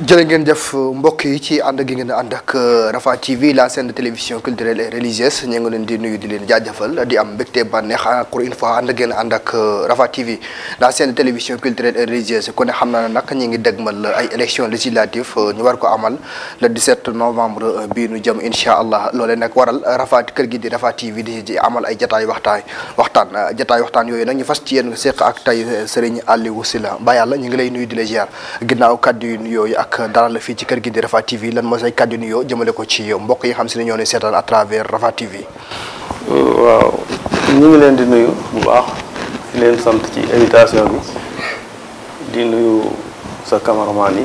jërë ngeen jëf mbokk yi ci ànd gi ngeen ànd ak euh, Rafah TV la chaîne de télévision culturelle et religieuse ñu ngi leen di nuyu di leen jaajafal di am mbégte bànneex encore une fois ànd ngeen ànd ak euh, Rafah TV la chaîne de télévision culturelle et religieuse ku ne xam naa ne nag ñu ngi dégmal ay élections législatives euh, ñu war ko amal le 17 novembre bii nu jëm incha allah loolee nag waral Rafah kër gi di Rafah TV di amal ay jataay waxtaan waxtaan jataay waxtaan yooyu nag ñu fas ci yéen seq ak tey Serigne Aliou Sylla Ba yàlla ñu ngi lay nuyu di la ziar ginnaaw kàddu yu ak ak dalal fii ci kër gi di Rafah TV lan moo say kàddu nuyoo jëmale ko ci mbokk yi xam si ne ñoo ne seetaan à travers Rafah TV. waaw ñu ngi leen di nuyu bu baax leen sant ci invitation bi di nuyu sa cameraman yi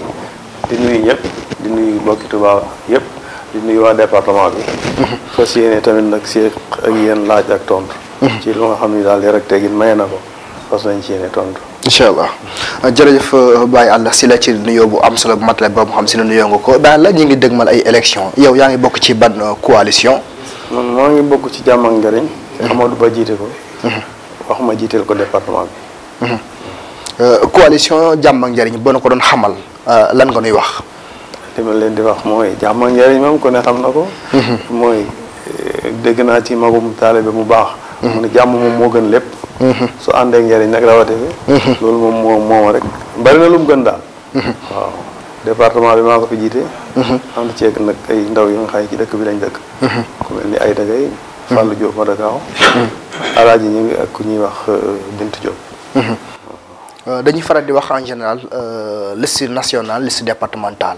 di nuyu ñëpp di nuyu mbokki Tuubaa yëpp di nuyu waa département bi. fas yéene tamit nag si ak yéen laaj ak tontu. Mm-hmm. ci lu nga xam ni daal yar ak teggin maye na ko fas nañ ci yéene tontu. incha allah jërëjëf euh, Baye Alla si la ci nuyoo bu am solo bu matale boobu xam si ne nuyoo nga ko Baye Alla ñu ngi dëgmal ay élection yow yaa ngi bokk ci ban euh, coalition. man maa bokk ci jàmm ak njëriñ. Mhm. Amadou Ba ko. Mhm. wax ma jiiteel ko département bi. Mhm. Euh, jàmm ak njëriñ ko doon xamal lan nga nuy wax. li leen di wax mooy jàmm ak njëriñ moom ku ne xam na ko. mooy dégg naa ci magum taalibe mu baax. mu moom moo gën lépp. su àndee njëriñ nag rawatina. Mm-hmm. loolu moom moo mooma rek bari na lu mu gën daal. Mm-hmm. waaw département bi maa ko fi jiite. Mm-hmm. ànd ceeg nag ndaw yu nga xam ci dëkk bi lañ dëkk. ku mel ni ay dagay. Fallou Diop Madakaw. alaaji ñu ngi ak ku ñuy wax euh, Bintu Diop. Euh, dañuy faral di wax en général euh, liste nationale liste départementale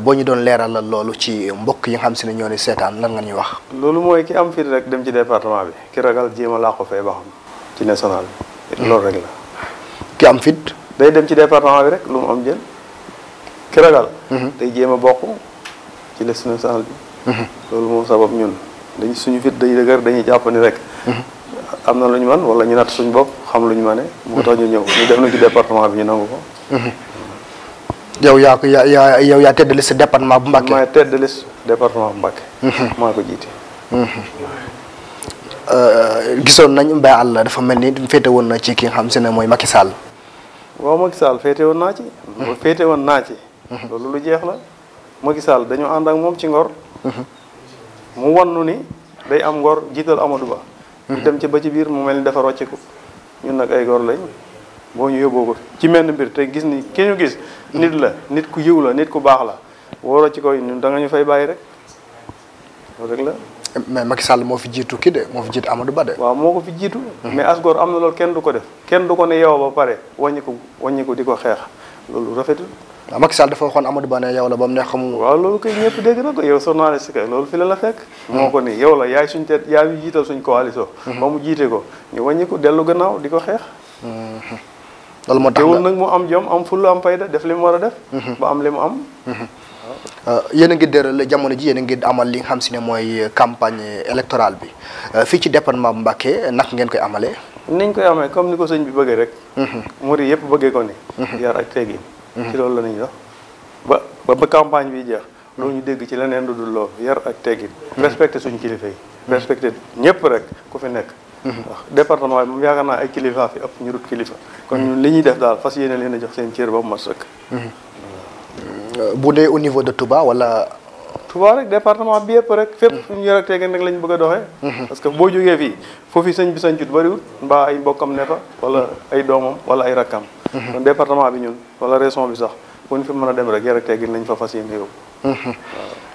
boo ñu doon leeralal loolu ci mbokk yi nga xam si ne ñoo ni seetaan lan nga ñuy wax. loolu mooy ki am fit rek dem ci département bi ki ragal jéem a ci national bi. Mm. loolu rek ki am fit. day dem ci département bi rek lu mu am jël. ki ragal. Mm-hmm. day jéem a bokk ci liste nationale bi. Mm-hmm. loolu moo sabab ñun dañ suñu fit day dëgër dañuy jàpp ni rek. Mm-hmm. am na lu ñu man wala ñu nat suñu bopp xam lu ñu mane. moo tax ñu ñëw ñu def na ci département bi ñu nangu ko. yow yaa ko yaa yaa yow yaa tedd liste département bu Mbacké. maay tedd liste département maa ko jiite. Euh, gisoon nañ Mbaye Alla dafa mel ni féete woon na ci ki nga xam si ne mooy Macky Sall. waaw Macky Sall féete woon naa ci. Mhm. féete woon naa ci. Mhm. loolu lu jeex la Macky Sall dañu ànd ak moom ci ngor. Mhm. mu wannu ni day am ngor jiital Amadou Ba. ñu dem ci ba ci biir mu mel ni dafa rocceku ñun nag ay gor lañ boo ñu yóbboo ko ci menn mbir te gis ni ki ñu gis. nit la nit ku yiw la nit ku baax la wóoroo ci koy ñun da ñu fay bàyyi rek loolu mais Macky Sall moo fi jiitu kii de moo fi jiitu Amadou Ba de. waaw moo ko fi jiitu. mais asgor am na loolu kenn du ko def. kenn du ko ne yow ba pare wàññi ko wàññi ko di ko xeex loolu rafetul. waaw Macky Sall dafa waxoon Amadou Ba ne yow la ba mu xamu. waaw loolu kay ñëpp dégg na ko yow journaliste kay loolu fi la la moo ko nii yow la yaay suñ te yaay yu jiital suñ coalition. Mhm. ba ko ñu wàññi ko dellu gannaaw di mhm. moo tax nag am jom am fulla am fayda def li mu war a def. Mhm. ba am li mu am. Euh, yéen a ngi dëral jamono ji yéen a ngi amal li nga xam si ne mooy campagne électorale bi euh, fii ci département bu Mbacké nak ngeen koy amalee. niñ koy amee comme ni ko sëñ bi bëggee rek. Mhm. murid yëpp bëggee ko ni. Mhm. yar ak teggin. Mhm. ci loolu la ñuy dox ba ba campagne bi jeex. loolu ñu dégg ci leneen du dul loolu yar ak teggin. respecté suñu kilifa yi. respecté ñëpp rek ku fi nekk. wax département bi moom yaakaar naa ay kilifa fi ëpp ñu dut kilifa. kon ñun li ñuy def daal fas yéene leen a jox seen cër ba mu mat sëkk. bu dee au niveau de Touba wala. Touba rek département bi yëpp rek. fépp fu ñu yor lañ bëgg a doxee. Mhm. boo jógee fii foofu sëñ bi sëñ jut bëriwul mbaa ay mbokkam ne fa wala ay doomam wala ay rakkam. kon mhm. bi ñun wala région bi sax fu ñu fi a dem rek yor mhm.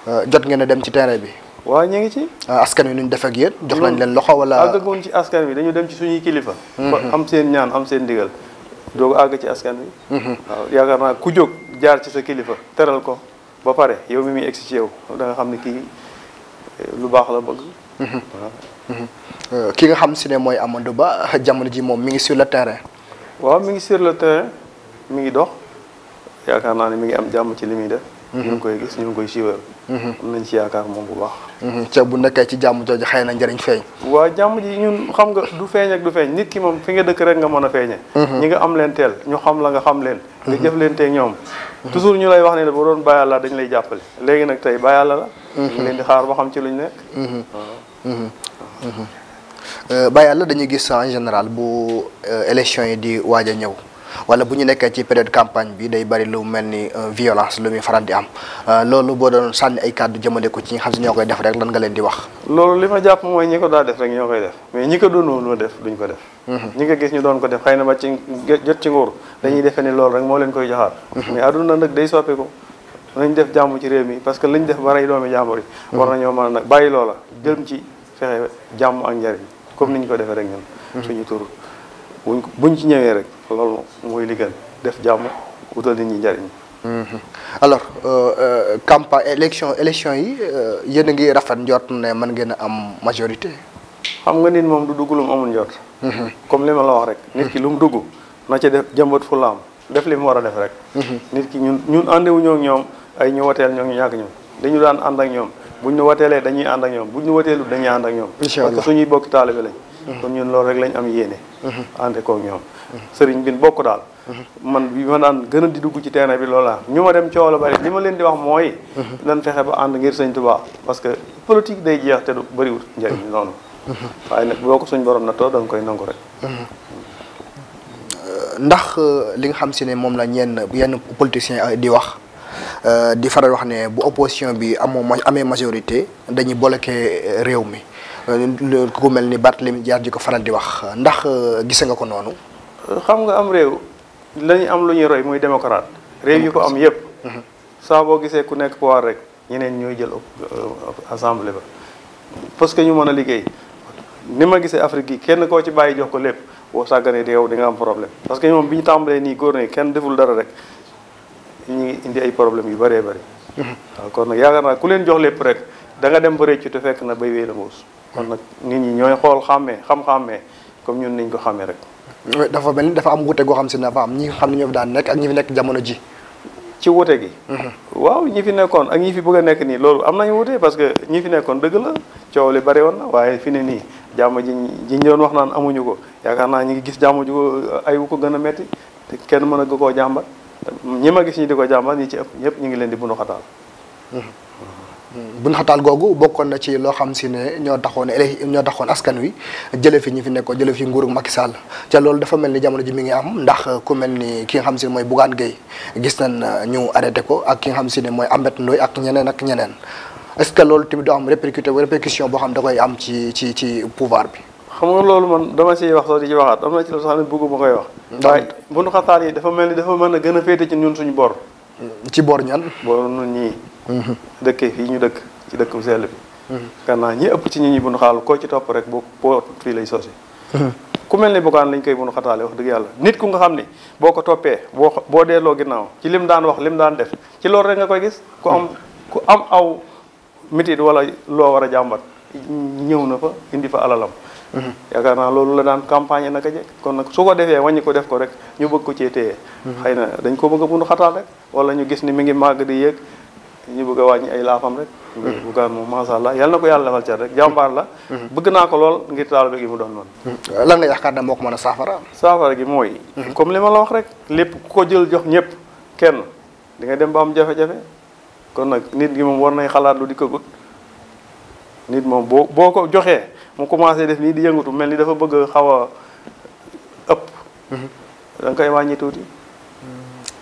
euh, ci terrain bi. waaw ñu ngi ci. Ah, askan wi nu ñu def ak yéen jox nañ leen loxo wala. àggagoon ci askan wi dañu dem ci suñuy kilifa. ba am seen ñaan am seen digal doog àgg ci askan wi. waaw naa ku jóg jaar ci sa kilifa teral ko ba pare yow mi muy egsi ci yow da nga xam ne kii eh, lu baax la bëgg. Mhm. Mhm. Euh, ki nga xam si ne mooy amandu Ba jamono ji moom mi ngi sur le terrain. waaw mi ngi sur le terrain mi ngi dox yaakaar naa ni mi ngi am jàmm ci li muy def. ñu ngi koy gis ñu ngi koy siiwal. Mm-hmm. am nañ ci yaakaar moom bu baax. Mm-hmm. ceeb bu nekkee ci jàmm jooju xëy na njariñ feeñ. waaw jàmm ji ñun xam nga du feeñ ak du feeñ nit ki moom fi nga dëkk rek nga mën a feeñee. Mm-hmm. ñi nga am leen teel ñu xam la nga xam leen. nga jëf leen tee ñoom. toujours ñu lay wax ne bu doon bàyyi la dañu lay jàppale léegi nag tey bàyyi la la. leen di xaar ba xam ci luñ nekk. Euh, bàyyi la dañuy gis en général bu euh, élection yi di waaj a ñëw. wala bu ñu nekkee ci période campagne bi day bari lu mel ni euh, violence lu muy faral di am euh, loolu boo doon sànni ay kàddu jëmale ko ci ñi xam si ñoo koy def rek lan nga leen di wax. loolu li ma jàpp mooy ñi ko daa def rek ñoo koy def mais ñi ko doonul ma def duñ ko def. Mhm. ñi ko gis ñu doon ko def xëy na ba ci jot ci nguur dañuy mhm. defee ni loolu rek moo leen koy joxaat. Mhm. mais aduna nag day soppeeku. nañ def jàmm ci réew mi parce que lañ def ba rey doomi jàmbur yi. war nañoo mën a nag bàyyi loola jëm ci fexe jàmm ak njariñ comme ni ñu ko defee rek ñun. suñu tur buñ buñ ci ñëwee rek loolu mooy li def jàmm wutal nit ñi njariñ. Mhm. alors euh, euh, campagne élection élection yi euh, yéen a ngi rafet njort ne man ngeen a am majorité. xam nga nit moom du dugg lu mu amul mhm. comme li ma la wax rek. nit ki lum dugg na ca def jëmbat fu laam def li war a def rek. Mhm. nit ki ñun ñun àndewuñoo ak ñoom ay ñu wateel ñoo ñu ñàkk ñoom dañu daan ànd ak ñoom buñ ñu wateelee dañuy ànd ak ñoom buñ ñu wateelu dañuy ànd ak ñoom. incha allah suñuy bokk taalibe lañ. kon ñun loolu rek lañ am yéene. Mm-hmm. ànd koog ñoom. sëriñ bin bokk daal. Mm-hmm. man bi ma daan gën di dugg ci terrain bi loolu ñu ma dem coow la bari li ma leen di wax mooy. Mm-hmm. nan fexe ba ànd ngir sëñ Tuubaa parce que politique day jeex te du bëriwul njëriñ noonu. waaye nag boo ko suñ borom na too da koy nangu rek. Uh, ndax uh, li nga xam si ne moom la ñenn yenn politiciens uh, di wax. di faral wax ne bu opposition bi amoo amee majorité dañuy bloqué réew mi Euh, ku mel ni Barthélémy Dias di ko faral di wax ndax euh, gise nga ko noonu. Euh, xam nga am réew lañu am lu ñuy roy muy démocrate réew yi ko am yépp mmh. saa boo gisee ku nekk pouvoir rek ñeneen ñooy jël assemblée ba parce que ñu mën a liggéey ni ma gisee Afrique yi kenn koo ci bàyyi jox ko lépp boo sàgganee di yow di nga am problème parce que ñoom bi ñu tàmbalee nii góor nañu kenn deful dara rek ñu ngi indi ay problème yu baree bëri. Mmh. kon nag yaakaar naa ku leen jox lépp rek da dem ba rëccu fekk na bay wéy la kon nag nit ñi ñooy xool xàmmee xam-xàmmee comme ñun niñ ko xàmmee rek. dafa mel ni dafa am wute goo xam si ne dafa am ñi nga xam ne ñoo fi daan nekk ak ñi fi nekk jamono ji. ci wute gi. Mhm. waaw ñi fi nekkoon ak ñi fi bëgg a nekk nii loolu am nañ wute parce que ñi fi nekkoon dëgg la coow li bari woon na waaye fi ne nii jàmm ji ñi ñu doon wax naan amuñu ko yaakaar naa ñu ngi gis jàmm ju ko ay wu ko gën a metti te kenn mën a koo jàmbat ñi ma gis ñi di ko jàmbat ñi ci ëpp ñëpp ñu ngi leen di bunu xataal mhm. buñ xataal googu bokkoon na ci loo xam si ne ñoo taxoon élé ñoo taxoon askan wi jële fi ñi fi nekkoon jële fi nguuru Macky Sall ca loolu dafa mel ni jamono ji mi ngi am ndax ku mel ni ki nga xam si ne mooy Bougane Gueye gis nañ ñu arrêté ko ak ki nga xam si ne mooy Ambet Ndoye ak ak ñeneen est-ce que loolu tamit doo am répercuté boo xam da koy am ci ci ci pouvoir bi xam nga loolu man dama ciy wax soo di ci waxaat am na ci loo xam ne bëgguma koy wax waaye buñ xataal yi dafa mel ni dafa mën a gën a féete ci ñun suñu bor ci boor ñan. boor ñun ñii. Mhm. dëkkee fii ñu dëkk ci dëkk bu sell bi. gannaaw mhm. ñi ëpp ci ñi ñi bun xaal koo ci topp rek boo boo fii lay sosi. Mhm. ku mel ni bugaan lañ koy mun xataale wax dëgg yàlla nit ku nga xam ni boo ko toppee boo boo delloo ginnaaw ci lim daan wax lim daan def ci loolu rek nga koy gis ku am ku am aw mitit wala loo war a jàmbat ñëw na fa indi fa alalam. yaakaar naa loolu la daan campagne naka jekk kon nag su ko defee wàññi ko def ko rek ñu bëgg ko cee téye. Mhm. xëy na dañ ko bëgg a bunu xataal rek wala ñu gis ni mi ngi màgg di yéeg ñu bëgg a wàññi ay laafam rek mhm. bugaan moom masha Allah yal na ko yàlla defal cat rek jàmbaar la mhm. bëgg naa ko lool ngir taalibe gi mu doon noonu lan nga yaakaar ne moo ko mën a saafara saafara gi mooy comme li ma la wax rek lépp ku ko jël jox ñëpp kenn di nga dem ba am jafe kon nag nit gi moom war nay xalaat di ko gut nit boo boo ko joxee mu commencé def nii di yëngatu mel ni dafa bëgg xaw a ëpp. da nga koy wàññi tuuti.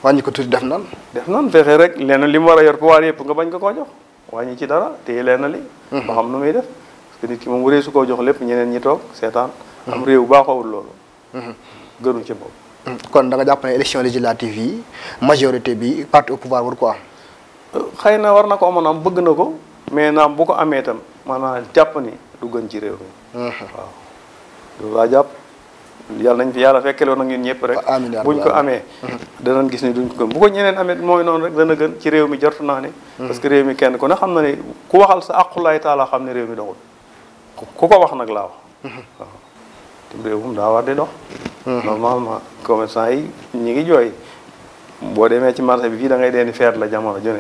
wàññi ko tuuti def nan. def nan fexe rek lenn li mu war a yor poids yëpp nga bañ ko koo jox wàññi ci dara téye lenn li. Mhm. ba xam nu muy def parce que nit ki su koo jox lépp ñeneen ñi toog seetaan. am mhm. réew baaxawul loolu. Mhm. gënu ci bopp. kon da jàpp ne élection législative yi majorité bi parti au pouvoir ko am. Euh, xëy na war na ko amoon am bëgg na ko mais naam bu ko amee itam. maanaam jàpp ni du gën ci réew mi. Mhm. waaw loolu laa jàpp yàlla nañ fi yàlla fekkale woon ak ñun ñëpp rek. buñ ko amee. Mhm. danañ gis ni duñ ko bu ko ñeneen amee mooy noonu rek dana gën ci réew mi jortu naa ne. Mhm. parce que réew mi kenn ku ne xam na ne ku waxal sa aqulaay taalaa xam ne réew mi doxul ku ko wax nag laa wax. waaw te réew moom daa war di dox. normalement commerçant yi ñu ngi jooy boo demee ci marché bi fii da ngay dee ni feer la jamono ju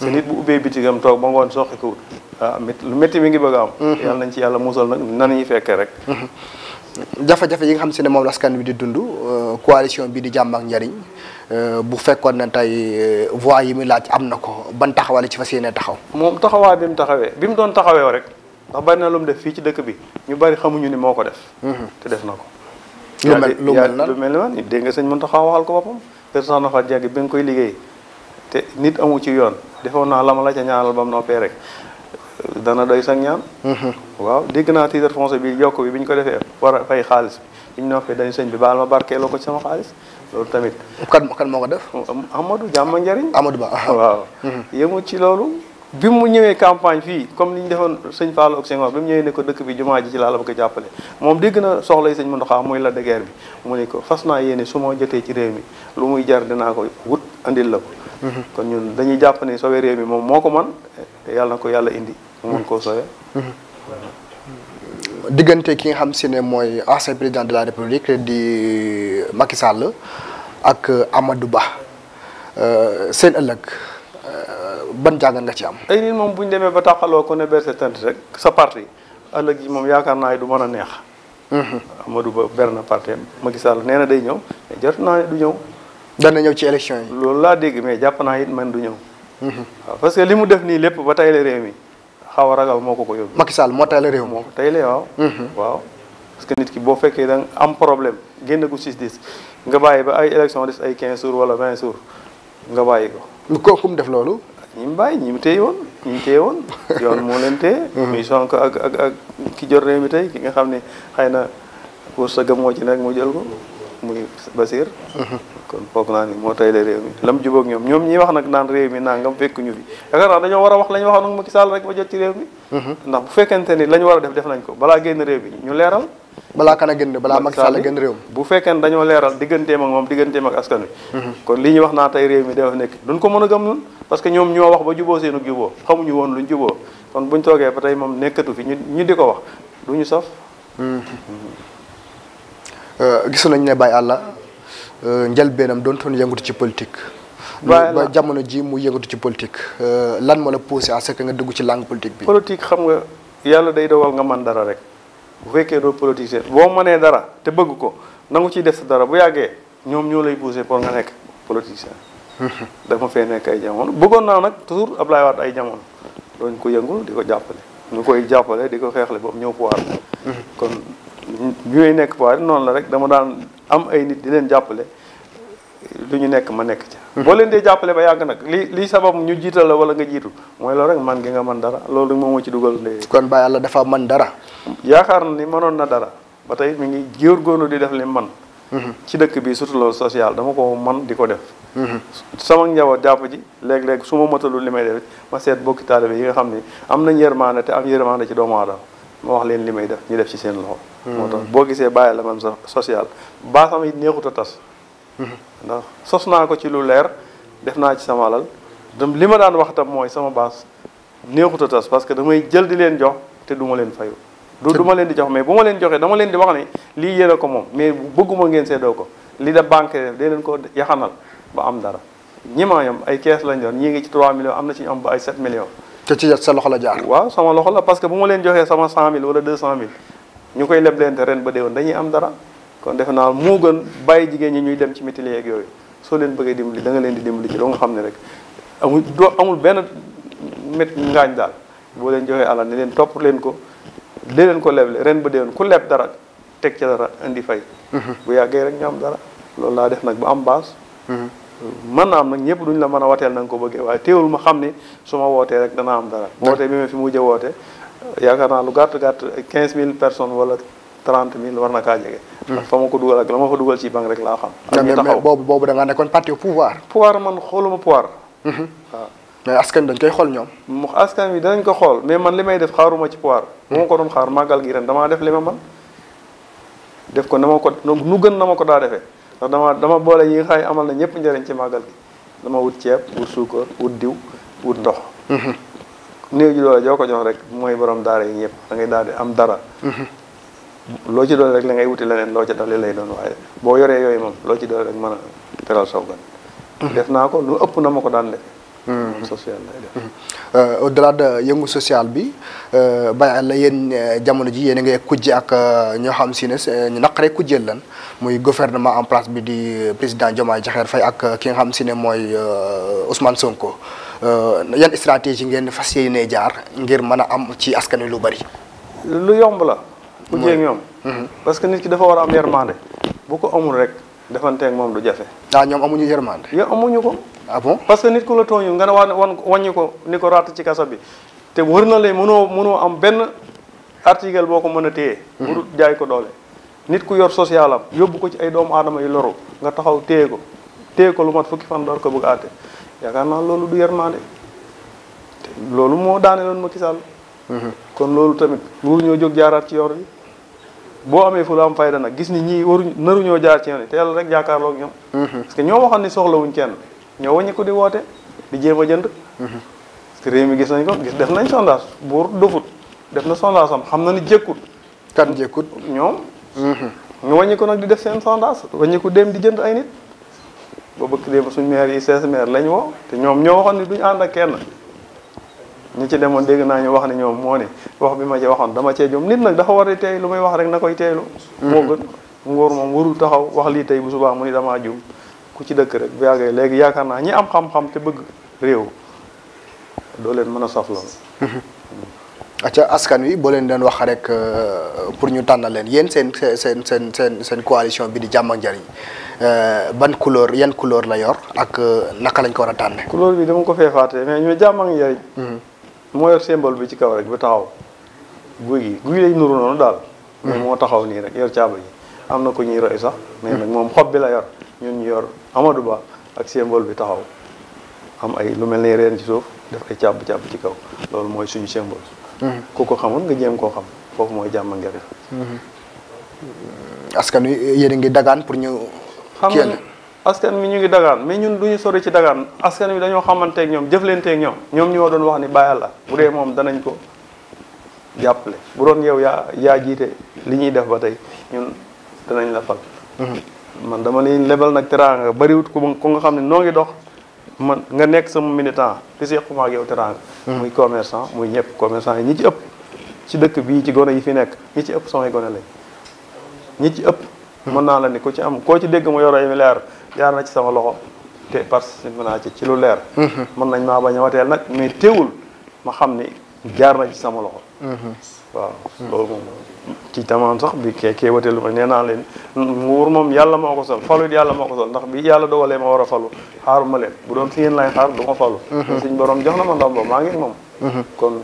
parce nit bu ubbee bitigam toog ba ngoon soqi ko wut ah mi ngi bëgg am. Mhm. yàlla nañ ci yàlla musal nag nan ñuy fekkee rek. Mhm. jafe-jafe yi nga xam si ne moom la askan bi di dund euh, coalition bi di jàmm ak njariñ euh, bu fekkoon na tey euh, voix yi mu laaj am na ko ban taxawal ci fas yéene taxaw. moom taxawaay bi mu taxawee bi mu doon taxawee rek ndax bari na lu mu def fii ci dëkk bi ñu bari xamuñu ni moo ko def. Mhm. te def na ko. lu mel lu mel nan yaa lu mel ni dégg nga sëñ Mountakha waxal ko boppam. personne na fa jàgg bi nga koy liggéey. te nit amu ci yoon defoon naa la ma la ca ñaanal ba mu noppee rek dana doy sax ñaan. Mhm. waaw dégg naa titre foncier bi yokk bi bi ñu ko defee war a fay xaalis bi ñu noppee dañu sëñ bi baal ma barkeeloo ko ci sama xaalis loolu tamit. kan kan moo ko def. Amadou jàmm njariñ Amadou Ba waaw. Mhm. yemul ci loolu. bi mu ñëwee campagne fii comme ni ñu defoon sëñ Fallou ak Senghor bi mu ñëwee ne ko dëkk bi jumaa ji ci laa la bëgg a jàppale moom dégg na soxla yi sëñ Mountakha muy la de bi mu ne ko fas naa su ma jotee ci réew mi lu muy jar dinaa ko wut andil la kon ñun dañuy jàpp ni sauver réew mi moom moo ko man yàlla na ko yàlla indi mu koo sauver diggante ki nga xam si ne mooy ancien président de la république di euh, Macky ak euh, Amadou Ba euh, seen ëllëg ban jàngat nga ci am. ay nit moom bu demee ba taxaloo ko ne berse tant rek sa parti ëllëg yi moom yaakaar naa du mën a neex. Mhm. Amadou Ba ber na parti Macky Sall nee na day ñëw jot naa du ñëw. dana ñëw ci élection yi. loolu laa dégg mais jàpp naa it man du ñëw. Mhm. waaw parce que li mu def nii lépp ba tay la réew mi xaw a ragal moo ko ko yóbbu. Macky Sall moo tay la réew mi moo ko waaw. Mhm. waaam que nit ki boo fekkee da nga am problème génn nga bàyyi ba ay élection des ay 15 jours wala 20 jours nga bàyyi ko. lu ko kum def loolu. ñi bàyyi ñi mu téye woon ñi mu woon yoon moo leen téye. Mhm. muy Sonko ak ak ak ki jot réew mi tey ki nga xam ne xëy na pour sa gëm moo ci nekk mu jël ko. Basir. kon foog naa ni moo tay la réew mi lam jubóog ñoom ñoom ñi wax nag naan réew mi nangam fekkuñu fi yaakaar naa dañoo war a wax la ñu waxoon ak Macky Sall rek ba jot ci réew mi mhm. ndax bu fekkente ni la war a def def nañ ko balaa génn réew mi ñu leeral balaa kan a génn balaa réew mi bu fekkente dañoo leeral digganteem ak moom digganteem ak askan wi mhm. kon li ñuy wax naa tey réew mi dafa nekk duñ ko mën a gëm ñun parce que ñoom ñoo wax ba juboo seenu juboo di ko wax Euh, gis nañ ne Baye Alla euh, njëlbeenam doon toon yëngatu ci politique. ma jamono ji mu yëngatu ci politique euh, lan moo la poussé à ce nga dugg ci langue politique bi. politique xam nga yàlla day dogal nga man dara rek bu fekkee doo politicien boo manee dara te bëgg ko nangu ciy def sa dara bu yàggee ñoom ñoo lay poussé pour nga nekk politicien. dama fee nekk ay jamono bëggoon naa nag toujours Ablaye Wade ay jamono doñ ko yëngul di ko jàppale. ñu koy jàppale di ko feexle ba ñëw pouvoir kon bi may nekk Paris noonu la rek dama daan am ay nit di leen jàppale lu ñu nekk ma nekk ca. Mhm. boo leen dee jàppale ba yàgg nag li li sabab ñu jiital la wala nga jiitu mooy loolu rek man gi nga man dara loolu moom moo ci dugal ndey. kon ba yàlla dafa man dara. yaakaar na ni mënoon na dara ba tey mu ngi góorgóorlu di def li man mhm. ci dëkk bi surtout loolu social dama ko man di ko def. Mhm. sama njaboot jàpp ji léeg-léeg su ma matalul li may def ma seet bokki taalibe yi nga xam ni am nañ yërmaande te am yërmaande ci doomu aadama ma wax leen li may def ñu def ci seen loxo. moo tax boo gisee bàyyi la man social baasam it neexut a tas ndax sos naa ko ci lu leer def naa ci sama lal dem li ma daan wax tam mooy sama baas neexut a tas parce que damay jël di leen jox te du ma leen fayu du du ma leen di jox mais bu ma leen joxee dama leen di wax ne lii yéen ko moom mais bëgguma ngeen seddoo ko li da banque dee leen ko yaxanal ba am dara ñi ma yam ay kees lañ doon ñii ci 3 millions am na ci ñu am ba ay 7 millions. te ci ñu koy leblente ren ba déwén dañuy am dara kon defe naa moo gën bàyyi jigéen ñi ñuy dem ci métier yeeg yooyu soo leen bëggee dimbali danga leen di dimbali ci loo xam ne rek amul doo amul benn mét daal boo leen joxee alal ne leen topp leen ko dee leen ko leble ren ba déwén ku leb dara teg ci dara indi fay. Mhm. bu yàggee rek ñu am dara loolu laa def nag ba am base. Mhm. mën na am nag ñëpp duñ la mën a wateel na ko bëggee waaye teewul ma xam ne su ma wootee rek danaa am dara. woote bi ma fi mujj a woote. yaakaar naa lu gàtt gàtt quinze mille personnes wala trente mille war na kaa jege. Hmm. fa ma ko dugal ak la ma fa dugal ci banque rek laa xam. ak ñu taxaw boobu boobu da ngaa nekkoon parti pouvoir. pouvoir man xooluma pouvoir. Hmm. waaw mais askan dañ koy xool ñoom. mu askan wi danañ ko xool mais man li may def xaaruma ci pouvoir. bu hmm. ma ko doon xaar màggal gi ren dama def li ma man def ko na ma ko nu gën na ma ko daa defee ndax dama dama boole yi nga xay amal na ñëpp njëriñ ci màggal gi dama wut ceeb wut suukar wut diw wut ndox. néew ji doole joo ko jox rek mooy boroom daara yi ñëpp da ngay daal di am dara mhm. loo ci doole rek la ngay wuti leneen loo ci dali lay doon waaye boo yoree yooyu moom loo ci doole rek mën teral saw gan mhm. def naa ko lu ëpp na ma ko daan def mhm. social lay euh, de yëngu social bi euh, Baye Alla yéen euh, jamono ji yéen a ngay kujje ak ñoo xam si ne ñu naqaree kujjeel lan muy gouvernement en place bi di président Diomaye Diakhar fay ak ki nga xam si ne mooy Ousmane Sonko Euh, yan stratégie ngeen fas yéenee jaar ngir mën a am ci askan wi lu bari. lu yomb la. ku jéeg ñoom. Mhm. parce que nit ki dafa war a am yermande bu ko amul rek defanteeg moom du jafe. ah ñoom amuñu yermande. yow amuñu ko. ah parce que nit ku la tooñu nga ne waa wan wàññi ko ni ko ratt ci kasa bi te wër na lay mënoo mënoo am benn article boo ko mën a téye. Mhm. bu dul jaay ko doole. nit ku yor social am yóbbu ko ci ay doomu aadama yu loru nga taxaw téye ko téye ko lu mat fukki fan door ko bëgg yaakaar naa loolu du yërmande te loolu moo daanee daaneeloon Macky Sall mhm. kon loolu tamit waruñoo jóg jaaraat ci yoon wi boo amee fu la am fayda nag gis ni ñii waruñ naruñoo jaar ci yoon rek jaakaarloo ak ñoom mhm. parce que ñoo waxoon ni soxlawuñ kenn ñoo wàññi di woote di jéem a jënd mhm. parce que réew mi gis nañ ko def nañ sondage buur dofut def na sondage am xam na ni jékkut kan jékkut ñoom ñu wàññi ko nag di def seen sondage wàññi dem di jënd ay nit ba bëgg dem suñ maire yi seize maire lañ woo te ñoom ñoo waxoon ni duñ ànd ak kenn ñi ci demoon dégg naa ñu wax ne ñoom moo ne wax bi ma ci waxoon dama cee jom nit nag dafa war a tey lu may wax rek na koy teeylu hmm. moo gën nguur moom warul taxaw wax lii tey bu subaa mu ni damaa jum ku ci dëkk rek yàggee léegi yaakaar naa ñi am xam-xam te bëgg réew doo leen mën a saf loolu hmm. acca askan wi boo leen doon wax rek euh, pour ñu tànnal leen yéen seen seen seen seen seen coalition bi di jàmm ak njariñ Euh, ban couleur yenn couleur la yor ak euh, naka lañ ko war a tànne couleur bi dama ko fee fàtte mais ñu jàmm ak njariñ mm-hmm. moo yor symbole bi ci kaw rek bu taxaw guy gi guy lay nuru noonu daal mm-hmm. mais moo taxaw nii rek yor caaba yi am na ko ñuy roy sax mais nag mm-hmm. moom xob bi la yor ñun ñu yor Amadou Ba ak symbole bi taxaw am ay lu mel ne reen ci def ay càbb càbb ci kaw loolu mooy suñu symbole. ku ko xamul nga jéem koo xam foofu mooy jàmm njariñ. askan wi yéen ngi dagaan pour ñu xam nga askan mi ñu ngi dagaan mais ñun du ñu sori ci dagaan askan wi dañoo xamanteeg ñoom jëflanteeg ñoom ñoom ñoo doon wax ni bàyyi la bu dee moom danañ ko jàppale bu doon yow yaa yaa jiite li ñuy def ba tey ñun danañ la fal. Mhm. man dama leen lebal nag teraanga bariwut ku ku nga xam ne noo ngi dox man nga nekk sa mu militant di sequma ak yow teraanga. Mhm. muy commerçant muy ñëpp commerçant yi ñi ci ëpp. ci dëkk bii ci gone yi fi nekk ñi ci ëpp samay gone lañ ñi ci ëpp. mën naa la ni ko ci am koo ci dégg mu yoro ay milliards jaar na ci sama loxo te participe naa ci ci lu leer mm-hmm. mën nañ maa bañ a wateel nag mais teewul ma xam ni jaar na ci sama loxo mm-hmm. waaw loolu moom ci tamaan sax bi kee kee wateelu naa leen moom yàlla moo ko sol falu it yàlla moo ko sol ndax bi yàlla dogalee ma war a falu xaaru ma leen bu doon fi yéen lay xaar du ma falu mm-hmm. suñ borom jox na ma ndombo maa ngi moom kon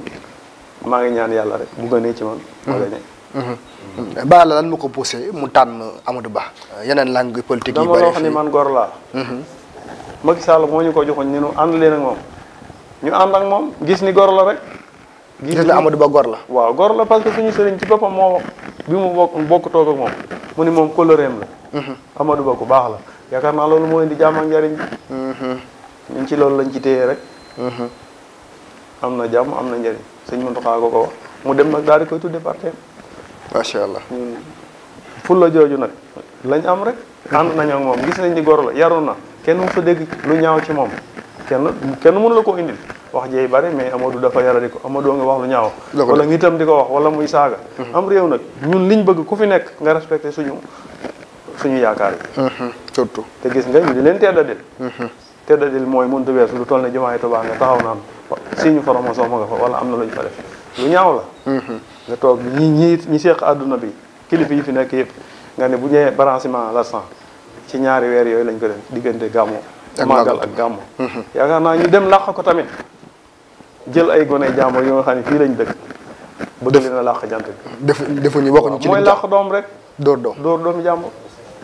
maa ngi ñaan yàlla rek bu gënee ci man ma ba la lan mu ko poussé mu tànn Amadou Ba yeneen langue politique yi. bëri dama wax ni man gor laa. Mhm. Macky Sall moo ñu ko joxoon ñu ànd leen ak moom ñu ànd ak moom gis ni gor la rek. gis la amadu Ba gor la. waaw gor la parce que ñu suñu sëriñ ci boppam moo bi mu bokk bokk toog moom mu ni moom kóllëreem la. Mhm. Amadou Ba ku baax la yaakaar naa loolu moo indi jàmm njariñ bi. Mhm. ñun ci loolu lañ ci téye rek. am na jàmm am na njariñ sëñ Mountakha ko ko wax mu dem nag daal di koy tuddee parteem macha allah ñun fulla jooju nag lañ am rek. ànd nañu ak moom gis nañ ni gor la yaru na kenn mu fa dégg lu ñaaw ci moom kenn kenn mënu la ko indil wax jeey bari mais Amadou dafa yaradi ko Amadou nga wax lu ñaaw. wala ngi tam di ko wax wala muy saaga. Mhm. am réew nag ñun liñ bëgg ku fi nekk nga respecté suñu suñu yaakaar yi. Mhm. surtout te gis nga ñu di leen tedd a dil. Mhm. tedd mooy mënut a weesu lu toll ne jumaay Tuubaa nga taxaw naan si ñu formation ma nga fa wala am na lu ñu fa def ñaaw la. nga toog ñi ñi ñi seeq àdduna bi kilifa yi fi nekk yëpp nga ne bu ñëwee branchement la san ci ñaari weer yooyu lañ ko def diggante gàmmu màggal ak gàmmu mm-hmm. yaakaar naa ñu dem làq ko tamit jël ay gone jàmbur yoo nga xam ne fii lañ dëkk bu def na làq jant bi def defuñu waxuñu ci mooy làq doom rek door doom dóor doomu jàmbur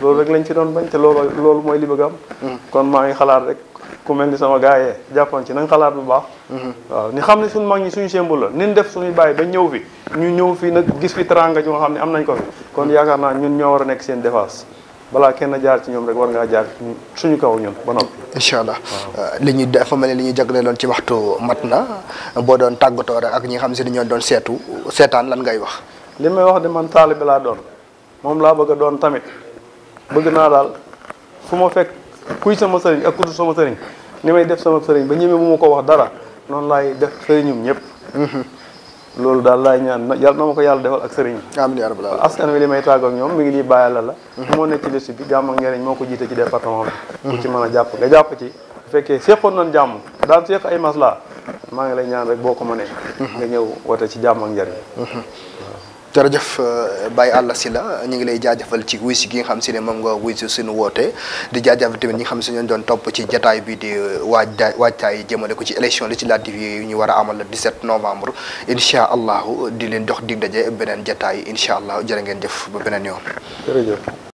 loolu rek lañ ci doon bañ te loolu loolu mooy li bëgg am mm-hmm. kon maa ngi xalaat rek ku mel ni sama gars yee jàppoon ci nañ xalaat bu baax. Mhm. waaw ni xam ne suñu mag ñi nin def suñuy bàyyi ba ñëw fi ñu ñëw fi nag gis fi teranga ji nga xam ne am nañ ko fi kon yaakaar naa ñun ñoo war a nekk seen défense balaa kenn jaar ci ñoom rek war ngaa jaar suñu kaw ñun ba noppi. incha allah euh, li ñuy dafa mel ni li ñuy jagleeloon ci waxtu mat na boo doon tàggatoo rek ak ñi xam si ne ñoo doon seetu seetaan lan ngay wax. li may wax de man taalibe laa doon moom laa bëgg a doon tamit bëgg naa daal fu ma fekk. kuy sama sëriñ ak ku dul sama sëriñ ni may def sama sëriñ ba ñeme mu ma ko wax dara noonu laay def sëriñum ñëpp loolu daal laay ñaan yàlla na ma ko yàlla defal ak sëriñ amiin yaa rabbal aalamiin askan wi li may tàggoog ñoom mu ngi nii bàyyi la la moo nekk ci liste bi jàmm moo ko jiite ci département bi ku ci mën a jàpp nga jàpp ci bu fekkee seqoon nañ jàmm daan seq ay masla maa ngi lay ñaan rek boo ko mënee nga ñëw wote ci jàmm ak jërëjëf euh, Baye Alla la ñu ngi lay jaajëfal ci wuy si gi nga xam si ne moom nga wuy si suñu woote di jaajëfal tamit ñi xam si ñoo doon topp ci jataay bi di euh, waajtaay waajtaay jëmale ko ci élection législative yi ñu war a amal le 17 novembre incha allahu di leen jox dig daje beneen jataay incha allah jërë ngeen jëf ba beneen yoon. jërëjëf.